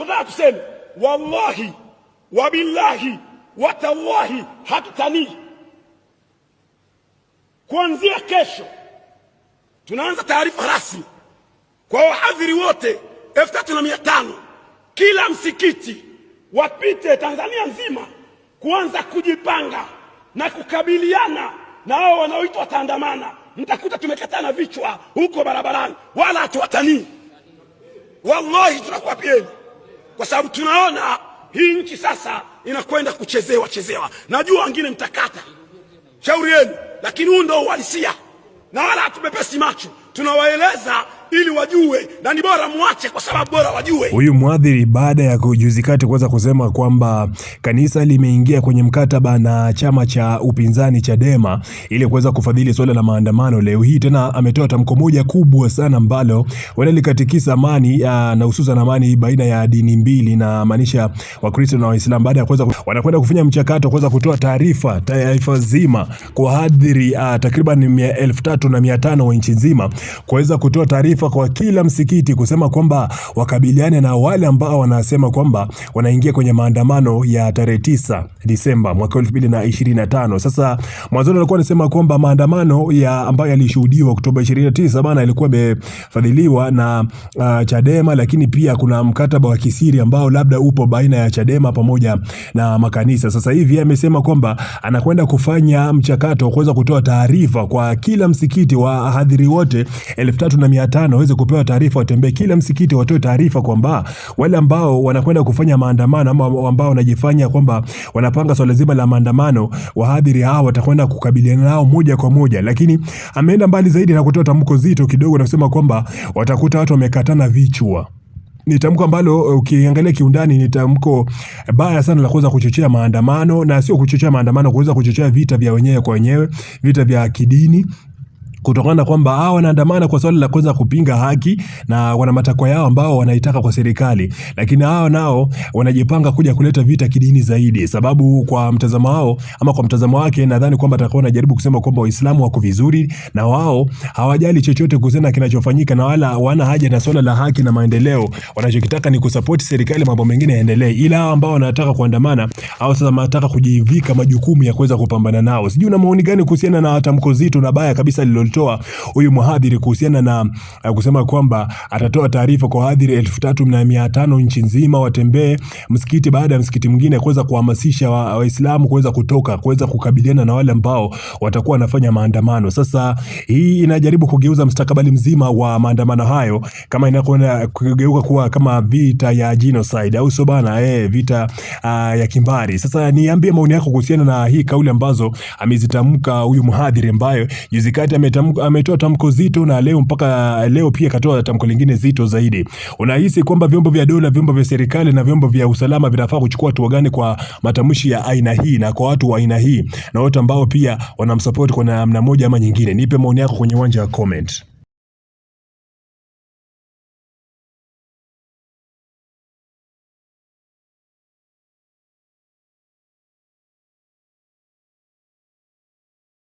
tunataka tuseme wallahi wabillahi watallahi, hatutanii. Kuanzia kesho tunaanza taarifa rasmi kwa wahadhiri wote elfu tatu na mia tano kila msikiti, wapite Tanzania nzima kuanza kujipanga na kukabiliana na hao wanaoitwa wataandamana. Mtakuta tumekatana vichwa huko barabarani, wala hatuwatanii. Wallahi, pieni kwa sababu tunaona hii nchi sasa inakwenda kuchezewa chezewa. Najua wengine mtakata shauri yenu, lakini huu ndio uhalisia na wala hatumepesi macho tunawaeleza ili wajue na ni bora muache kwa sababu bora wajue. Huyu mwadhiri baada ya kujuzikati kati kuweza kusema kwamba kanisa limeingia kwenye mkataba na chama cha upinzani Chadema ili kuweza kufadhili swala la maandamano, leo hii tena ametoa tamko moja kubwa sana ambalo wenda likatikisa amani ah, na hususan amani baina ya dini mbili, na maanisha Wakristo na Waislamu. Baada ya kuweza wanakwenda kufanya mchakato kuweza kutoa taarifa taifa zima kwa hadhiri ah, takriban elfu tatu na mia tano wa nchi nzima kuweza kutoa taarifa kwa kila msikiti kusema kwamba wakabiliane na wale ambao wanasema kwamba wanaingia kwenye maandamano ya tarehe tisa Disemba mwaka 2025. Sasa mwanzo alikuwa anasema kwamba maandamano ya ambayo yalishuhudiwa Oktoba 29 bana ilikuwa imefadhiliwa na uh, Chadema, lakini pia kuna mkataba wa kisiri ambao labda upo baina ya Chadema pamoja na makanisa. Sasa hivi amesema kwamba anakwenda kufanya mchakato wa kuweza kutoa taarifa kwa kila msikiti wa hadhiri wote elfu tatu na mia tano waweze kupewa taarifa, watembee kila msikiti, watoe taarifa kwamba wale ambao wanakwenda kufanya maandamano ama ambao wanajifanya kwamba wanapanga swala zima la maandamano, wahadhiri hao watakwenda kukabiliana nao moja kwa moja. Lakini ameenda mbali zaidi na kutoa tamko zito kidogo na kusema kwamba watakuta watu wamekatana vichwa ni tamko ambalo uh, ukiangalia kiundani ni tamko baya sana la kuweza kuchochea maandamano, na sio kuchochea maandamano, kuweza kuchochea vita vya wenyewe kwa wenyewe, vita vya kidini, kutokana na kwamba hawa wanaandamana kwa swala la kuweza kupinga haki na wana matakwa yao ambao wanaitaka kwa serikali, lakini hawa nao wanajipanga kuja kuleta vita kidini zaidi, sababu kwa mtazamo wao ama kwa mtazamo wake, nadhani kwamba atakuwa anajaribu kusema kwamba Waislamu wako vizuri na wao hawajali chochote kuhusiana na kinachofanyika na wala wana haja na swala la haki na maendeleo. Wanachokitaka ni kusupport serikali, mambo mengine yaendelee, ila hao ambao wanataka kuandamana au sasa wanataka kujivika majukumu ya kuweza kupambana nao. Sijui una maoni gani kuhusiana na tamko zito na baya kabisa lilo alitoa huyu mhadhiri kuhusiana na uh, kusema kwamba atatoa taarifa kwa wahadhiri elfu tatu na mia tano nchi nzima, watembee msikiti baada ya msikiti mwingine, kuweza kuhamasisha Waislamu wa kuweza kutoka, kuweza kukabiliana na wale ambao watakuwa wanafanya maandamano. Sasa hii inajaribu kugeuza mstakabali mzima wa maandamano hayo, kama inakwenda kugeuka kuwa kama vita ya genocide, au sio bana? Eh, vita uh, ya kimbari. Sasa niambie maoni yako kuhusiana na hii kauli ambazo amezitamka huyu mhadhiri ambaye juzi kati ameta ametoa tamko zito na leo mpaka leo pia katoa tamko lingine zito zaidi. Unahisi kwamba vyombo vya dola, vyombo vya serikali na vyombo vya usalama vinafaa kuchukua hatua gani kwa matamshi ya aina hii na kwa watu wa aina hii na wote ambao pia wanamsupport kwa namna moja ama nyingine? Nipe maoni yako kwenye uwanja wa comment.